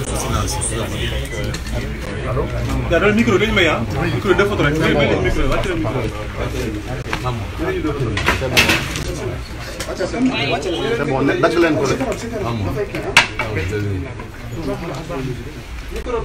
daa doon micro dañu may ah. micro deux photos rek. c'est bon dagg leen ko rek. micro.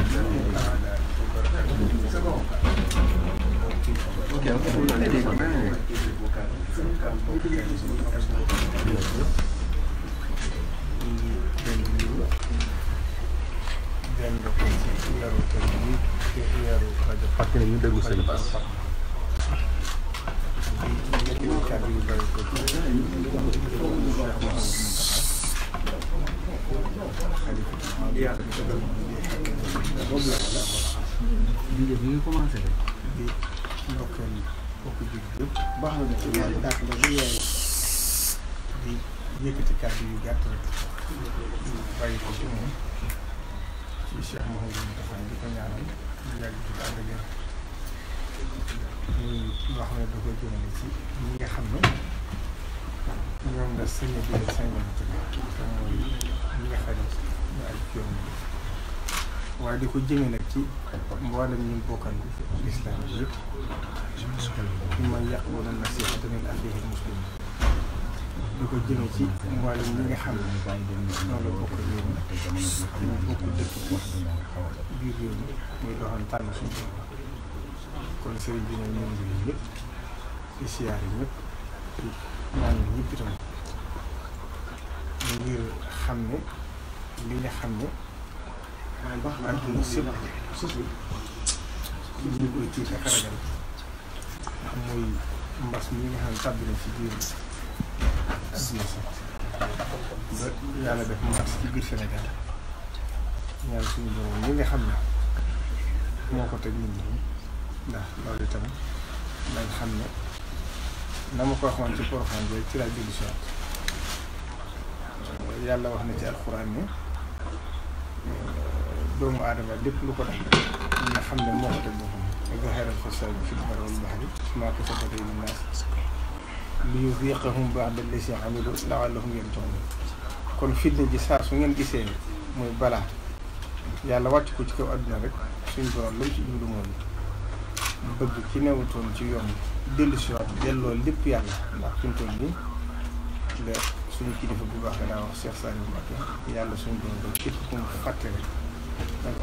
déglu sëñ Bass di yëkkati kàddu yu gàtt rek di bàyyi ko ci moom ci Cheikh Mouhamadou Moustapha di ko ñaanal ñu yàgg ci ànd ak muy loo xam ne da koy jëmale ci ñi nga xam ne ñoom la sëñ bi la sëñ bi te mooy nga xam ne ay waaye di ko jëmee nag ci mboolem ñu bokkan lislaam yëpp ñu may yàq wala nasiihata min axiihil muslim di ko jëmee ci mboolem ñi nga xam ne noonu la bokk réew mi ñu bokk dëkk biir réew muy loo xam suñu sëriñ bi ñoom ñoo ngi nuyu ñëpp di siyaare ñëpp di ñaan ñëpp itam ngir xam ne li nga xam ne wax àdduna sépp susu ñu ak ragal mbas ci biir àdduna def ci biir Sénégal xam ne moo ko teg nit ñi ndax loolu itam nañ xam ne na ma ko waxoon ci Alxuraan bi ci laa julli si yàlla wax na ci alxuraan ni eh, doomu aadama lépp lu ko def nga xam ne moo ko def boppam zaharal fasaadu fil barri wal bahri bimaa kasabat aydin naas liyuziqahum ba'da llazii 'amiluu la'allahum yarji'uun kon fitna ji saa su ngeen gisee mooy balaa yàlla wàcc ko ci kaw àdduna rek suñ borom lu mu ci bëgg ci newutoon ci yoon dellu si waat delloo lépp yàlla ndax fi mu toll suñu kilifa bu baax daa wax Cheikh Saliou Mbacké yàlla suñu doon doon képp ku rek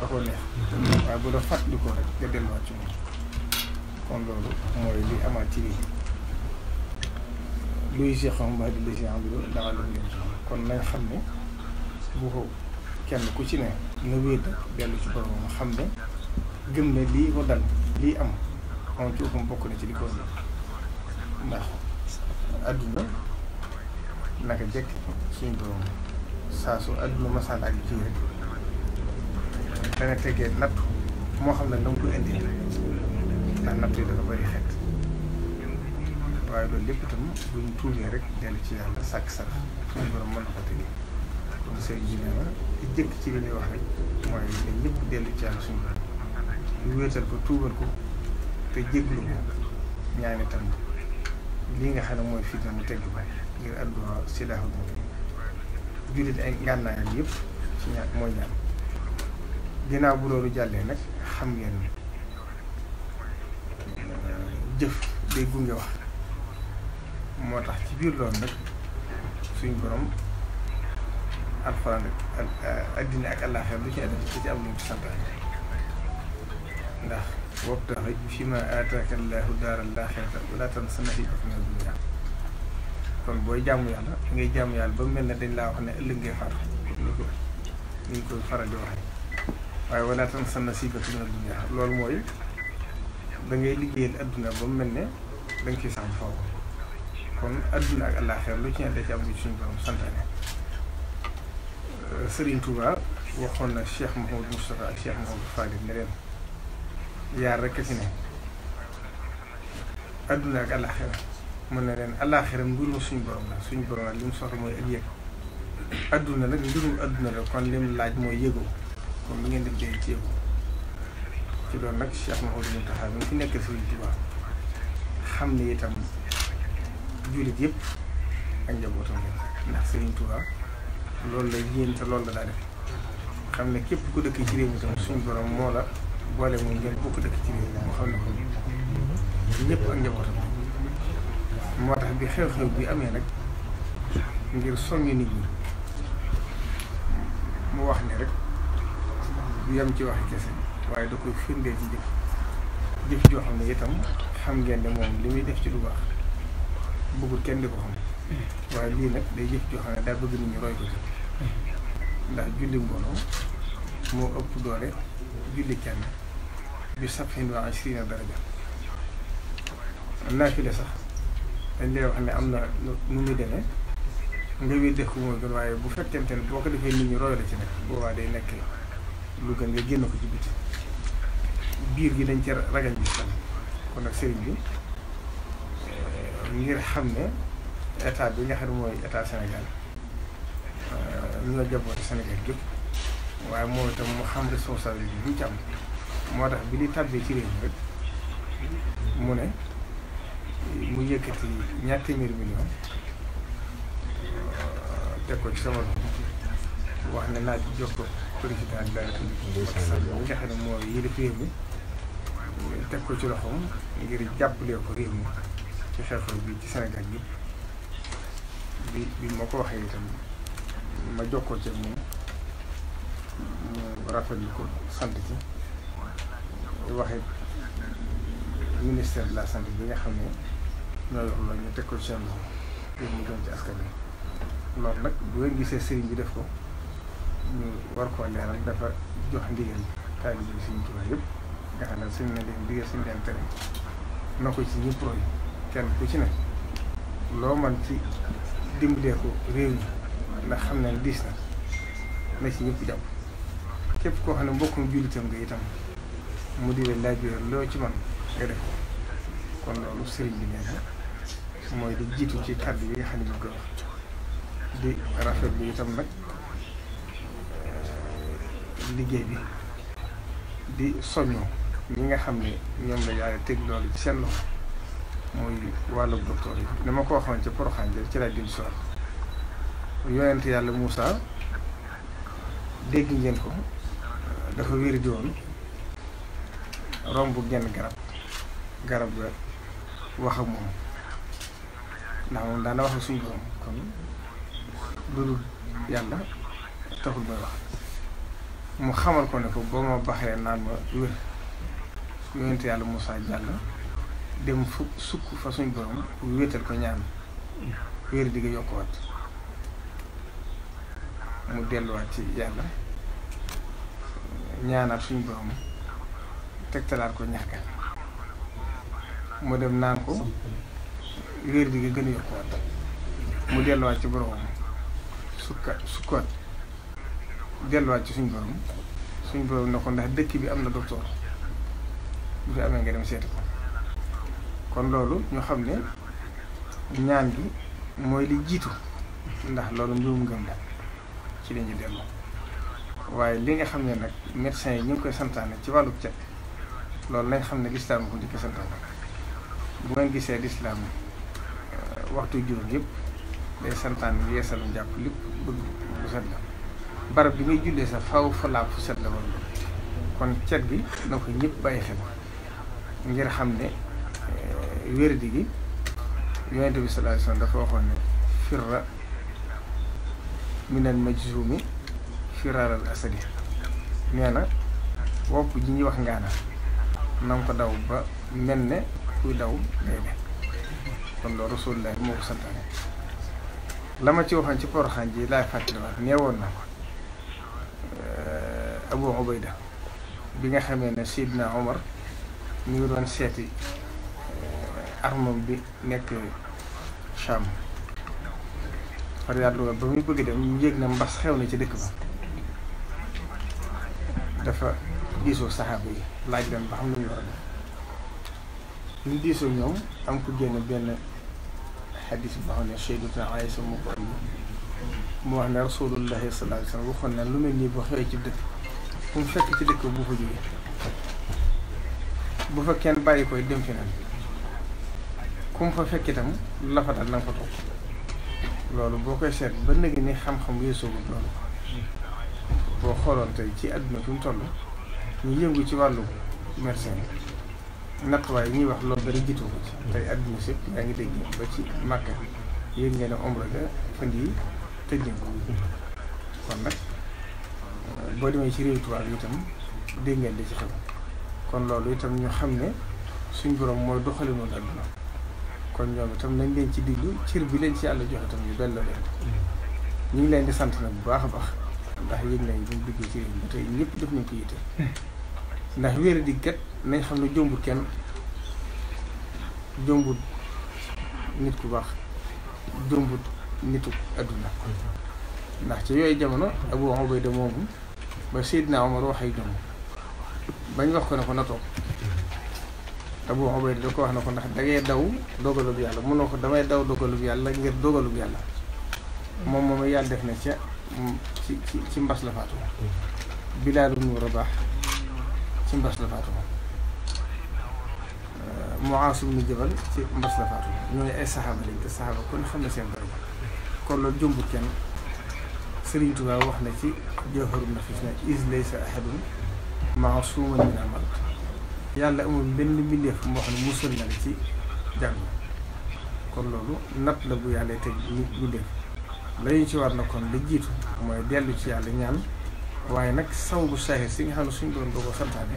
ko neex waaye bu la nga delluwaat ci moom kon loolu mooy li amaat ci lii luy jeexam ba di léegi am bi dafa lu ngeen kon nañ xam ne bu ko kenn ku ci ne na wéet dellu ci borom xam ne gëm ne lii ko dal lii am moom ci ëppam bokk na ci li ko ndax adduna naka jekk suñ borom saa su adduna masaan ak kii rek dana tegee natt moo xam ne da nga ko indi ndax natt yi dafa bëri xeet waaye loolu lépp itam bu ñu rek dellu ci yàlla sàkk sarax suñu borom mën na ko tege kon seen jigéen la di jëkk ci li wax rek mooy ne ñëpp dellu ci yàlla suñu borom wéetal ko tuubal ko. te jéglu ñaani tam lii nga xam ne mooy fitna mu tegg ba ngir àdduna si daaxul moom jullit ay ngànnaayam yëpp ci ñaar mooy ñaan ginnaaw bu loolu jàllee nag xam ngeen euh, jëf day gunge wax moo tax ci biir loolu nag suñ borom alxuraan ak euh, addina ak àllaaxira lu ci adda ci am lu ci santaane ndax wabtaxi fi ma aataaka llaahu daaral aaxirata wala tansa nasiibaka na dunya kon booy jaamu yàlla ngay jàmm yàlla ba mel ne dañ laa wax ne ëllëg ngay faatu ni ko ni koy faral di waxee waaye wala tansa nasiibaka mina dunya loolu mooy da ngay liggéeyal adduna ba mel ne da nga ciy sax faw kon adduna ak àllaaxira lu ci ne da ci am lu borom santaane Serigne Touba waxoon na Cheikh Mouhamadou Moustapha ak Cheikh Mouhamadou ne leen. yaar rekk fi ne adduna ak àllaaxira mun na leen àllaaxira mbirum suñu borom la suñu borom la li mu soxla mooy ak yëg adduna nag mbirum adduna la kon lim laaj mooy yëgu kon li ngeen di dee ci yëgu ci loolu nag Cheikh Mouhamadou Mountakha mi fi nekk Sëriñ Tuubaa xam ne itam jullit yëpp ak njabootam ndax Sëriñ Tuubaa loolu la yéen te loolu la daa xam ne képp ku dëkk ci réew mi suñu borom moo la boole moom ngeen bokk dëkk ci biir mu xam ne ko ñëpp ak njabootam moo tax bi xew-xew bi amee nag ngir soññ nit mu wax ne rek yam yem ci waxi kese waaye da koy firndee ci jëf jëf joo xam ne itam xam ngeen ne moom li muy def ci lu baax bëggul kenn di ko xam waaye lii nag day jëf joo xam ne daa bëgg nit ñi roy ko ci ndax julli mbooloo moo ëpp doole julli kenn bi sab'in wa ishriina daraja naafile sax dañ lay wax ne am na nu muy demee nga wédde ko waaye bu fekkente ne boo ko defee nit ñi roy la ci nekk boobaa day nekk lu gën nga génn ko ci biti biir gi dañ ci ragal bi tam kon nag sëriñ bi euh, ngir xam ne état bi nga xam ne mooy état Sénégal euh, ñoo jaboote Sénégal gépp waaye moo itam mu xam responsabilité bi mu ci moo tax bi li tàbbee ci réew mi rek mu ne mu yëkkati ñaar téeméeri million euh, teg ko ci sama wax ne naaj jox ko président de la République bi nga xam ne mooy yilif réew mi teg ko ci loxoom ngir jàppalee ko réew mi ci xew-xew bi ci Sénégal bi bi bi ma ko waxee itam ma jokkoo ci moom mu rafetlu ko sant ci waxee ministère de la santé bi nga xam ne loolu am ñu teg ko ci seen loxo doon ci askan bi loolu nag bu ngeen gisee sëriñ bi def ko ñu war ko leeral dafa jox ndigal taalibe bi suñu tubaab yëpp nga xam ne suñu ne leen digal suñu leen tere na ko ci ñëpp roy kenn ku ci ne loo man ci dimbalee ko réew mi ndax xam ne diis na ne ci ñëpp jàpp képp ko xam ne mbokkum jullitam nga itam mu di leen laaj loo ci man nga def ko kon loolu sëriñ bi mooy di jiitu ci kàddu yi nga xam ne ñu ko wax di rafet nag eh, liggéey bi di soññoo ñi nga xam ne ñoom la yàlla teg loolu ci seen loxo muy wàllu docteur yi dama ko waxoon ci poroxaan jël ci laa dim soir yàlla Moussa dégg ngeen ko eh, dafa wéri di woon romb genn garab garab ga wax ak moom ndax moom daana wax suñu borom kon ludul yàlla taxul may wax mu xamal ko ne ko boo ma baxee naan ma wér yonent yàlla Moussa jàll dem fu sukk fa suñu borom wéetal ko ñaan wér di yokkuwaat mu delluwaat ci yàlla ñaanaat suñu borom teg talaat ko ñax ga mu dem naan ko réer gi gën a yokkuwaat mu delluwaat ci boromam sukka sukkaat delluwaat ci suñ borom suñ borom ne ko ndax dëkk bi am na docteur bu fi amee nga dem seeti ko kon loolu ñu xam ne ñaan gi mooy li jiitu ndax loolu njuum ngëm la ci la ñuy dellu waaye li nga xam ne nag médecins yi ñu ngi koy santaane ci wàllu cet loolu nañ xam ne lislaam ko njëkk santaane bu ngeen gisee lislaam euh, waxtu juróom yépp day santaan yeesal njàpp lépp bëgg bu set la barab bi ngay jullee sax faw fa laab fu set la woon kon cet gi na ko ñëpp bàyyi xel ngir xam ne euh, wérdi gi yonente bi sallallahu alayhi wasallam dafa waxoon ne firra minal majzumi firaaral asadi nee na wopp ji ñuy wax ngaana na ko daw ba mel ne kuy daw day de kon loolu ci waxoon ji laay fàttaliwaat neewoon na ko euh, nga xamee ne Sidna Omar seeti euh, armam bi nekk Cham ba muy bëgg dem yéeg na mbas xew na ci dëkk ba dafa diisoo saxaaba yi laaj leen ba xam lu ñu war a def ñu diisoo ñoom am ko génn benn xadis boo xam ne Sayyidatuna Aysa moo ko indi mu wax ne rasulullahi sallallahu alayhi wasallam na lu mel nii bu xewee ci dëkk bu mu fekk ci dëkk bu fa jógee bu fa kenn bàyyi koy dem fi nag ku mu fa fekk itam la fa dal na fa toog loolu boo koy seet ba léegi ni xam-xam weesoo loolu boo xooloon tey ci àdduna fi mu toll. ñu yëngu ci wàllu médecin nattuwaay yi ñuy wax loolu dara jiitu ko ci. tey adduna sépp yaa ngi dégg ba ci Màkka yéen ngeen a ombre ga fan yii tëj ko kon nag boo demee ci réew tubaab yi itam dégg ngeen di ci xew kon loolu itam ñu xam ne suñ borom mooy doxali noonu adduna kon ñoom itam nañ leen ci digg cër bi leen ci yàlla joxe itam ñu benn la mm. ñu ngi leen di sant nag bu baax a baax. ndax yëg nañ buñ duggee ci réew mi tey ñëpp def nañ ko yitte ndax wéer di nañ xam ne jombul kenn jombut nit ku baax jombul nitu adduna ndax ci yooyu jamono Abu Ubayda moomu ba Seydina Omar wax ay jomb bañ wax ko ne ko na toog Abu Ubayda da ko wax na ko ndax dangay daw dogalub yàlla mun na ko damay daw dogalub yàlla ngir dogalub yàlla moom moom yàlla def na ca moom ci ci ci mbas la faatu Bilaal ibnu Rabaah ci mbas la faatu euh, Muaas ibnu Jabal ci mbas la faatu ñooñu ay saxaaba lañ te saxaaba kon xam na seen bari kon loolu jëmbul kenn Sëriñ Tuubaa wax na ci Jawharun Nafiis na is laysa ahadun maasuuman min al marad yàlla amul benn mbindeef moo xam ne musal na la ci jàng kon loolu natt la bu yàlla teg ñu ñu la ci war na kon li jiitu mooy dellu ci yàlla ñaan waaye nag sangu saahir si nga xam ne suñ doon doo ko santaane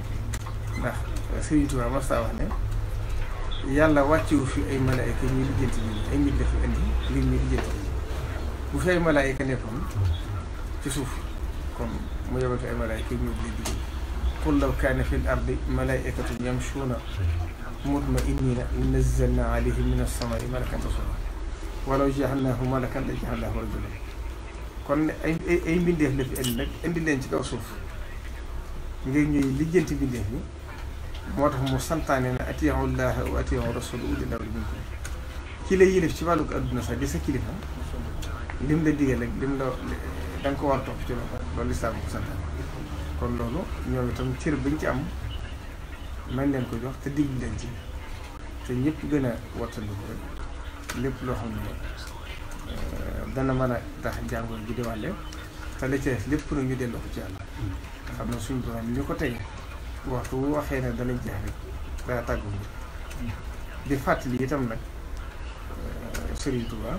ndax Sëriñ Tuubaa mas wax ne yàlla wàccewu fi ay malaay ñuy lijjanti nit ay nit bu fi ay malaayka nekkoon ci suuf kon mu yebal fi ay malaayka ñu di liggéey qul law kaana fi l ardi malaayikatun yamshuuna mutma'inniina nazzalnaa alayhim mina s-samaa'i malakan rasuulaa walaw ja'alnaahu malakan la ja'alnaahu rajulan kon ay ay mbindeef la fi indi nag indi leen ci kaw suuf ngir ñuy lijjanti mbindeef bi moo tax mu santaane na atii'u llaaha wa atii'u rasuula ulil amri minkum ki la yilif ci wàllu adduna sax di sa kilifa lim la digal ak lim la da ko war topp ci loolu loolu lislaam ko kon loolu ñoom tam cër bañ ci am man leen ko jox te digg leen ci te ñëpp gën a wattandiku rek lépp loo xam ne euh, dana mën a tax jàngoro ji di wàlle lépp nag ñu delloo ko ci yàlla. nga xam ne suñu borom li ko tey waxtu waxee ne dana jeex rek dana tàggu di fàttali itam nag euh, Serigne euh,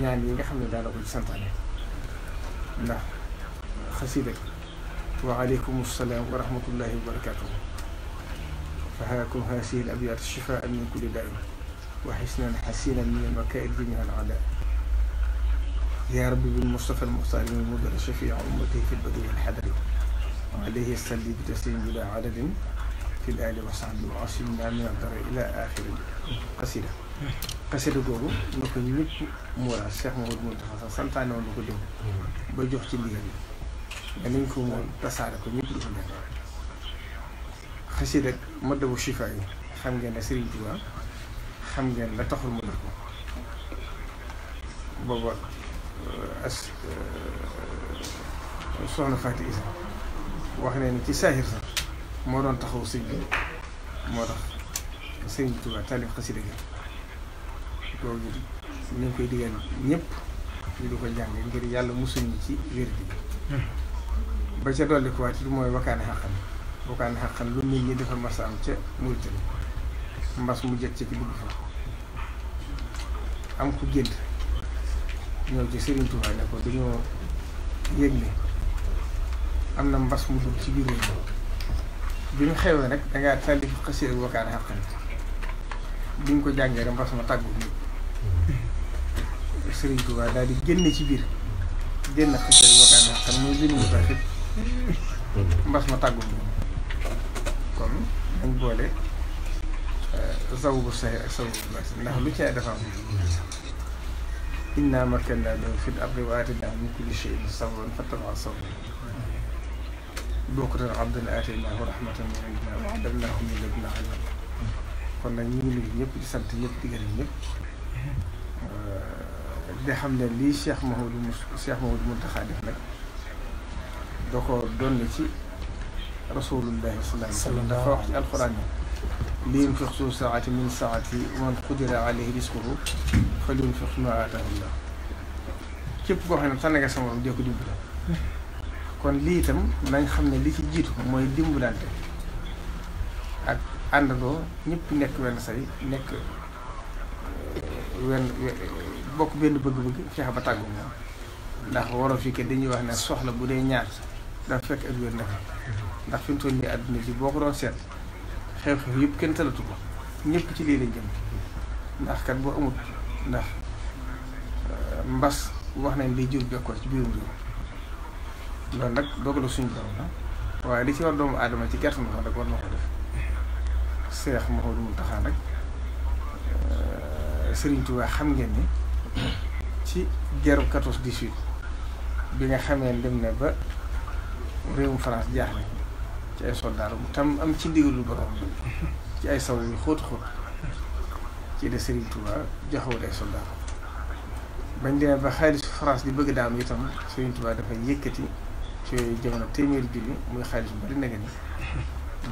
ñaan yi nga xam ne daal ko ci santaane ndax xasida wa aleykum salaam wa rahmatullahi فهاكم هذه الأبيات شفاء من كل داء وحسنا حسينا من المكائد جميع الأعداء يا رب بالمصطفى المختار من مدر شفيع أمته في البدو والحدر وعليه يصلي بتسليم بلا عدد في الآل وصحبه وعصمنا من الضر إلى آخر قصيدة xasida googu na ko ñëpp mu war a Cheikh Maodo Moustapha sax santaane woon na ko démb ba jox ci ndigal bi nga nañ ko moom tasaare ko ñëpp di ko xasida ak Madabu Chifa yi xam ngeen ne Serigne Touba xam ngeen la taxul mu def ko booba euh, euh, soxna Fatou Issa wax ne ci saaxir sax moo doon taxaw sëñ bi moo tax Serigne Touba ñu ngi koy digal ñëpp ñu di ko jàng ngir yàlla musul ñi ci wér gi hmm. ba ca dolli ko waat mooy wakkaane xaqam bu ko xaq xam lu nit ñi dafa mas ca mu jël ci ki dugg fa am ku gént ñëw ci Serigne Touba ne ko dañoo yëg ne am na mbas mu dugg ci biir bi mu xewee nag dangaa tàlli fa xasee wakaan xaq bi ñu ko jàngee rek mbas ma tàggu nit Serigne Touba daal di génne ci biir génn xasee wakaan xaq muy biir mu taxit mbas ma tàggu dañ boole saw euh, bu saxee ak saw bu baax ndax lu caay dafa am inna makkanna lahu fil ardi wa aatinaa min kulli shay'in sabran fattaba'a sabra bokkatan abdan aataynaahu rahmatan min indinaa wa allamnaahu min ladunaa ilman kon nag ñu ngi nuyu ñëpp di sant ñëpp di gërëm ñëpp euh, di xam ne lii Cheikh Mouhamadou Moussa nag da ko doon ci. rasulullahi sallallahu dafa wax ci alquran yi li yunfiq su saati min saati man qudira alayhi risquhu fal yunfiq ma aatahu llah képp koo xam ne tànn nga sama moom dee ko dimbali kon lii itam nañ xam ne li ci jiitu mooy dimbalante ak àndandoo ñëpp nekk wenn say nekk wenn bokk benn bëgg-bëgg fexe ba tàggu moom ndax waroo fi ke dañuy wax ne soxla bu dee ñaar daa fekk ak wér nekk ndax fi mu àdduna ji boo ko doon seet xew-xew yëpp kenn talatu ko ñëpp ci lii lañ jëm ndax kat boo amut ndax euh, mbas wax nañ day jur jokkoo ci biirum réew loolu nag dogalu suñu borom la waaye li ci war doomu aadama ci gerte nga rek war na ko def seex ma xool mu taxaa nag euh, Sëriñ Tuubaa xam ngeen ni ci geeru 14 18 bi nga xamee dem na ba réewum France jaaxle ci ay soldaar bu tam am ci ndigalu borom ci ay saw yu xóot xóot ci de Serigne Touba joxewul ay soldaar bañ demee ba xaalisu France di bëgg daanu itam Serigne Touba dafay yëkkati ci jamono téeméeri junni muy xaalis bu bari nag ni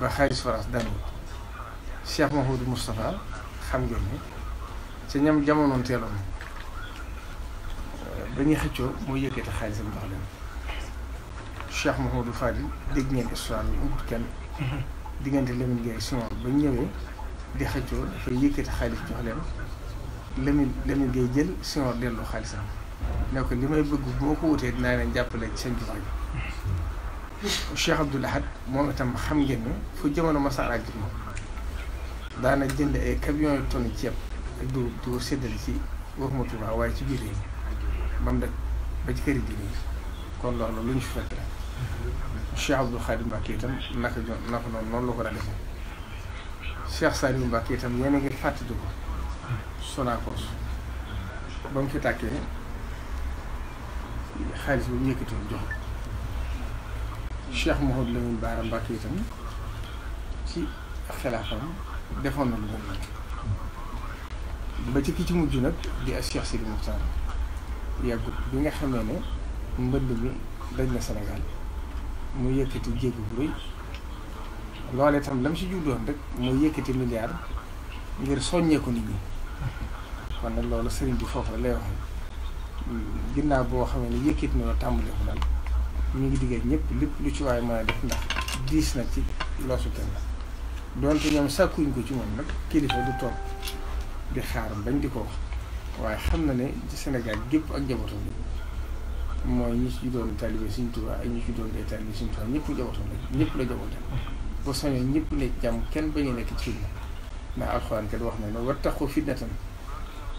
ba xaalisu France daanu Cheikh Mahoudou Moustapha xam ngeen ni ca ñam jamonoon teeloon ba ñuy xëccoo mooy yëkkati xaalisam jox leen Cheikh Mouhamadou Fadil dégg ngeen histoire bi amul kenn. diggante Lamine Gueye si moom ba ñëwee di xëccoo dafay yëkkati xaalis jox leen Lamine Lamine Gueye jël si moom delloo xaalisam ne ko li may bëgg boo ko wutee dinaa leen jàppale ci seen jumaa ji. Cheikh Abdoul moom itam xam ngeen fu jamono masaara ak moom daana jënd ay camion yu ceeb ak dugub di ko séddale ci waxuma Tuubaa waaye ci biir yi ba mu ba ci kër gi nii kon loolu lu fekk Cheikh Abdoul Khadim Mbacké itam naka naka noonu la ko daan defee Cheikh Saliou Mbacké itam yéen a ngi fàttaliku Sonacos ba mu fi tàkkee xaalis bi mu yëkkati jox Cheikh Mouhamadou Lamine Bara Mbacké itam ci xilaafam defoon na lu mel ba ci ki nag di ak Cheikh Sidi Moukhtar yàggut bi nga xam ne mbënd mi daj na Sénégal. mu yëkkati jéego bu rëy loolee itam la mu si jubluwoon rek mu yëkkati milliard ngir soññee ko nit ñi kon nag loolu sëriñ bi foofu lay wax ginnaaw boo xamee ne yëkkati na tàmbali ko daal ñu ngi ñëpp lépp lu ci waay mën a na ci loosu kenn donte ñoom sàkkuñ ko ci moom nag kilifa du toog di xaar bañ di ko wax waaye xam na ne ci Sénégal gépp ak njabootam mooy ñu ci doon taalibe Sëriñ Tuubaa ak ñi ci doon ay taalibe Sëriñ Tuubaa ñëpp jabootam la ñëpp la jabootam bu sañoon ñëpp la jàmm kenn bañ a nekk ci fitna ndax wax na ne wattaqu fitnatan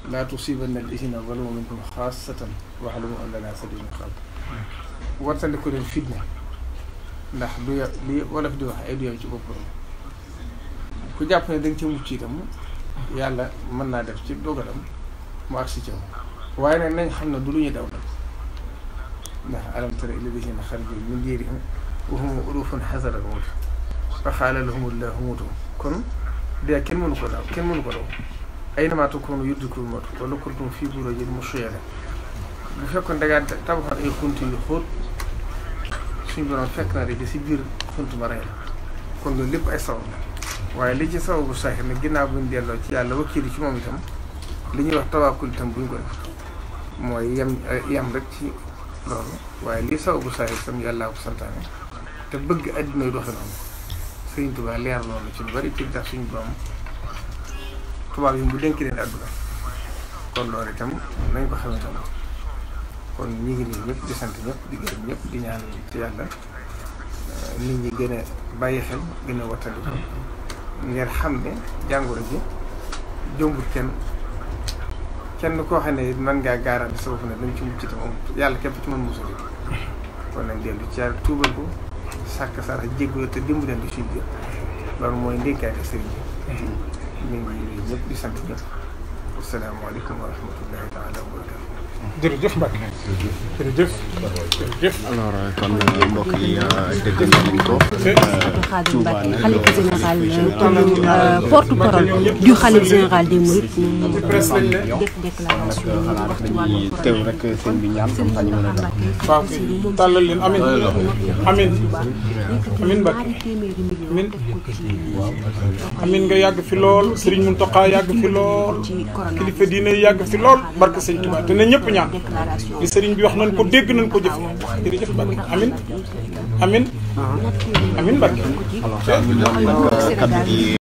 laa tusiibanna allaziina zalamu minkum xaassatan wa'lamu anna llaaha shadiidul iqaab wartale ko leen fitna ndax du ya li wolof di wax ay du yam ci boppam ku jàpp ne dañ ca mucc itam yàlla mën naa def ci dogalam mu agsi ci waaye nag nañ xam ne du lu ñu daw ndax alam tara ila lazina xaraju min diirihim wa hum ulufun xasara al-mawt fa qaala lahum allahu muutu kon dee kenn mënu ko daw kenn mënu ko daw aynama takunu yudrikkumul mawt walaw kuntum fii buruujin mushayyada bu fekkoon da ngaa tabaxoon ay xunt yu xóot suñu borom fekk na rek si biir xunt ma rey kon loolu lépp ay sabab la waaye li ci sababu saxir nag ginnaaw buñ delloo ci yàlla wakkiilu ci moom itam li ñuy wax tawakkul itam buñ ko def mooy yem yem loolu waaye lii sababu saa yi tam yàllaa ko santaane te bëgg àddina doxe noonu sëriñ Tuubaa leer loolu ci lu bari ci tax suñu doom tubaab yi mu dénk leen àdduna kon loolu itam nañ ko xamante ne kon ñu ngi nii ñëpp di sant ñëpp di gërëm ñëpp di ñaan ci yàlla euh, nit ñi gën bàyyi xel gën a ngeen xam ne jàngoro ji jombut kenn kenn koo xam ne it mën ngaa gaaraat sa bopp ne dañ ci mucc itam amut yàlla képp ci mën musal kon nag dellu ci yàlla tuubal ko sàkk sarax jéggoo te dimbu leen di suñ loolu mooy ndénkaane sëriñ bi ñu ngi nuyu ñëpp di sant ñëpp asalaamaaleykum wa rahmatullahi taala wa barakatu jërëjëf Mbacke. jërëjëf jërëjëf. alors kon euh, euh, mbokk yi euh, dégg nañ ko. Touba nag xalifa général comme porte parole du xalifa général des Mourides mu def déclaration wax rek sëñ bi ñaan comme a def. waaw tàllal leen amin amin amin Mbacke amin amin nga yàgg fi lool Serigne Mountakha yàgg fi lool kilifa diine yàgg fi lool barke sëñ Touba ñaan li sëriñ bi wax nañ ko dégg nañ ko jëf jërëjëf Mbacke amin amin amin Mbacke